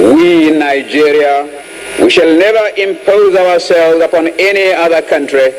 We in Nigeria, we shall never impose ourselves upon any other country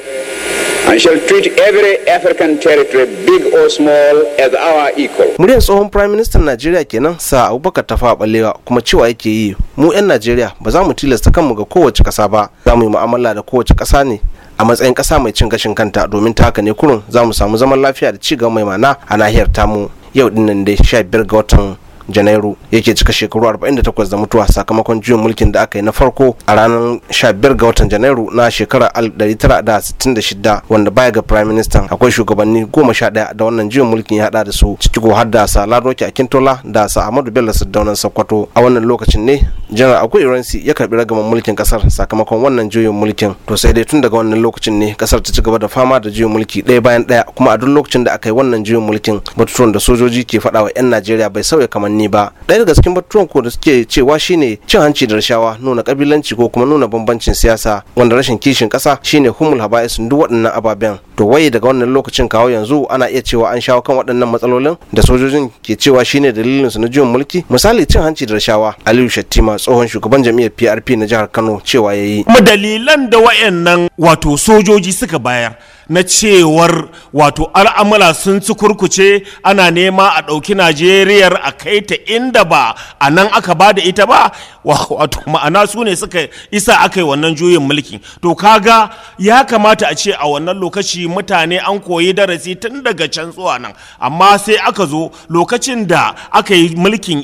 and shall treat every African territory big or small as our equal. Muryar tsohon Prime Minister Najeriya kenan sa Abubakar ta balewa kuma cewa yake yi mu 'yan Najeriya ba za mu tilasta kanmu ga kowace ƙasa ba za mu yi mu'amala da kowace ƙasa ne a matsayin ƙasa mai cin gashin kanta domin ta haka ne kurun za mu samu zaman lafiya da ci gaba mai mana a nahiyar tamu yau dinnan dai 15 ga watan janairu yake cika shekaru 48 da mutuwa sakamakon juyin mulkin da aka yi na farko a ranar 15 ga watan janairu na shekarar 1966 wanda baya ga prime minister akwai shugabanni 11 da wannan juyin mulkin ya hada da su ciki har da sa ladoki akintola da sa ahmadu bello sadaunan sokoto a wannan lokacin ne janar akwai ransi ya karbi ragaman mulkin kasar sakamakon wannan juyin mulkin to sai dai tun daga wannan lokacin ne kasar ta ci gaba da fama da juyin mulki ɗaya bayan ɗaya kuma a duk lokacin da aka yi wannan juyin mulkin batutuwan da sojoji ke faɗa 'yan najeriya bai sauya kamanni ba ɗaya daga cikin batutuwan ko da suke cewa shine cin hanci da rashawa nuna kabilanci ko kuma nuna bambancin siyasa wanda rashin kishin kasa shine humul habais duk waɗannan ababen to wai daga wannan lokacin kawo yanzu ana iya cewa an shawo kan waɗannan matsalolin da sojojin ke cewa shine dalilinsu na juyin mulki misali cin hanci da rashawa aliyu shattima tsohon shugaban jam'iyyar PRP na jihar Kano cewa yayi kuma dalilan da wayannan wato sojoji suka bayar na cewar wato al'amura sun ci kurkuce ana nema a ɗauki najeriyar a kai ta inda ba a nan aka ba da ita ba wato ma'ana su ne suka isa aka yi wannan juyin mulki to kaga ya kamata a ce a wannan lokaci mutane an koyi darasi tun daga can zuwa nan amma sai aka zo lokacin da aka yi mulkin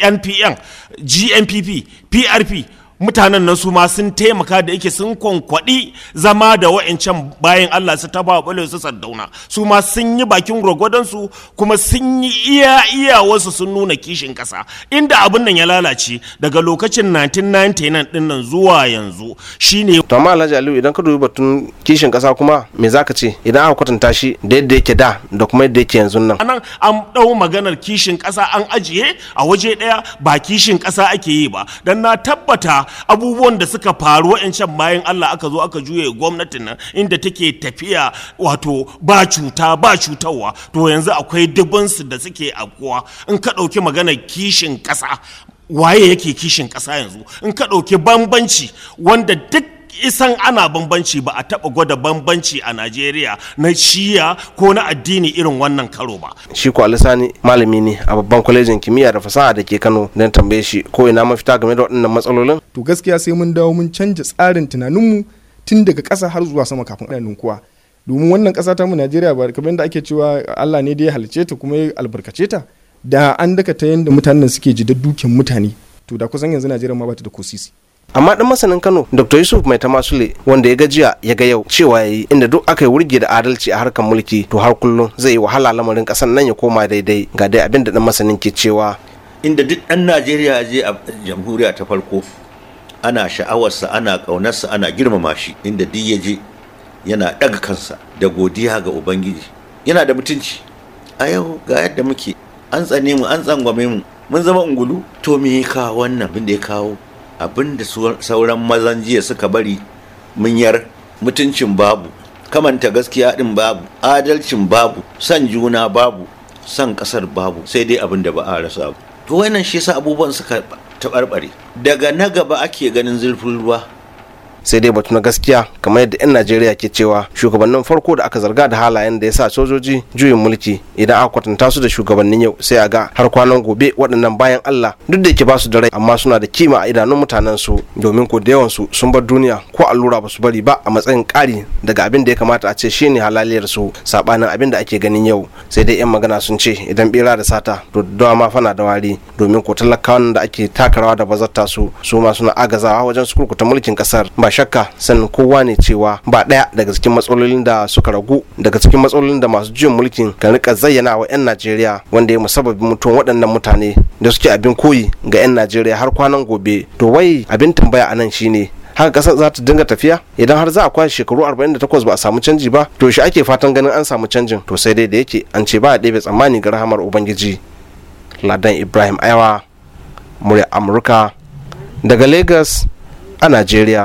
NPN. GNPP PRP mutanen nan su ma sun taimaka da yake sun kwankwaɗi zama da wa'ancan bayan Allah su taba wa su sardauna su ma sun yi bakin su kuma sun yi iya iya wasu sun nuna kishin ƙasa inda abin nan ya lalace daga lokacin 1999 din nan zuwa yanzu shine to amma Alhaji Aliyu idan ka dubi batun kishin ƙasa kuma me zaka ce idan aka kwatanta shi da yadda yake da da kuma yadda yake yanzu nan anan an dau maganar kishin ƙasa an ajiye a waje daya ba kishin ƙasa ake yi ba dan na tabbata abubuwan da suka faru wa'ancan bayan Allah aka zo aka juye gwamnatin nan inda take tafiya wato ba cuta ba cutarwa to yanzu akwai dubinsu da suke afkuwa in ka ɗauki maganar kishin ƙasa waye yake kishin ƙasa yanzu in ka ɗauki bambanci wanda duk isan ana bambanci ba a taba gwada bambanci a najeriya na shiya ko na addini irin wannan karo ba shi ko alisani malami ne a babban kwalejin kimiyya da fasaha da ke kano don tambaye shi ko ina mafita game da waɗannan matsalolin to gaskiya sai mun dawo mun canja tsarin tunaninmu tun daga ƙasa har zuwa sama kafin ana ninkuwa domin wannan ƙasa ta mu najeriya ba kamar yadda ake cewa allah ne da ya halice ta kuma ya albarkace ta da an daka ta yadda mutanen suke ji da mutane to da kusan yanzu najeriya ma ba ta da kosisi amma dan masanin kano dr yusuf mai tamasule wanda ya gajiya ya ga yau cewa yayi inda duk aka yi wurge da adalci a harkar mulki to har kullum zai yi wahala lamarin kasan nan ya koma daidai ga dai abin da dan masanin ke cewa inda duk dan najeriya je a jamhuriya ta farko ana sha'awarsa ana ƙaunarsa ana girmama shi inda duk ya je yana ɗaga kansa da godiya ga ubangiji yana da mutunci a yau ga yadda muke an tsane mu an tsangwame mu mun zama ungulu to me ka wannan abin da ya kawo Abin da sauran mazan jiya suka bari munyar mutuncin babu kamanta gaskiya din babu adalcin babu san juna babu san kasar babu sai dai abin da ba a rasa to wannan shi yasa abubuwan suka tabarbare daga na gaba ake ganin zurfin ruwa sai dai batu na gaskiya kamar yadda 'yan najeriya ke cewa shugabannin farko da aka zarga da halayen da ya sa sojoji juyin mulki idan aka kwatanta su da shugabannin yau sai a ga har kwanan gobe waɗannan bayan allah duk da ke ba su da rai amma suna da kima a idanun mutanen su domin ko da yawan su sun bar duniya ko allura ba su bari ba a matsayin ƙari daga abin da ya kamata a ce shine halaliyar su sabanin abin da ake ganin yau sai dai 'yan magana sun ce idan bera da sata to dawa ma fana da wari domin ko talakawan da ake takarawa da bazarta su su ma suna agazawa wajen su kurkuta mulkin kasar ba shakka sannan kowa ne cewa ba ɗaya daga cikin matsalolin da suka ragu daga cikin matsalolin da masu juyin mulkin kan rika zayyana wa 'yan najeriya wanda ya musabbabi mutuwan waɗannan mutane da suke abin koyi ga 'yan najeriya har kwanan gobe to wai abin tambaya a nan shine haka kasar za ta dinga tafiya idan har za a kwashe shekaru 48 ba a samu canji ba to shi ake fatan ganin an samu canjin to sai dai da yake an ce ba a ɗebe tsammani ga rahamar ubangiji ladan ibrahim aiwa murya amurka daga lagos a najeriya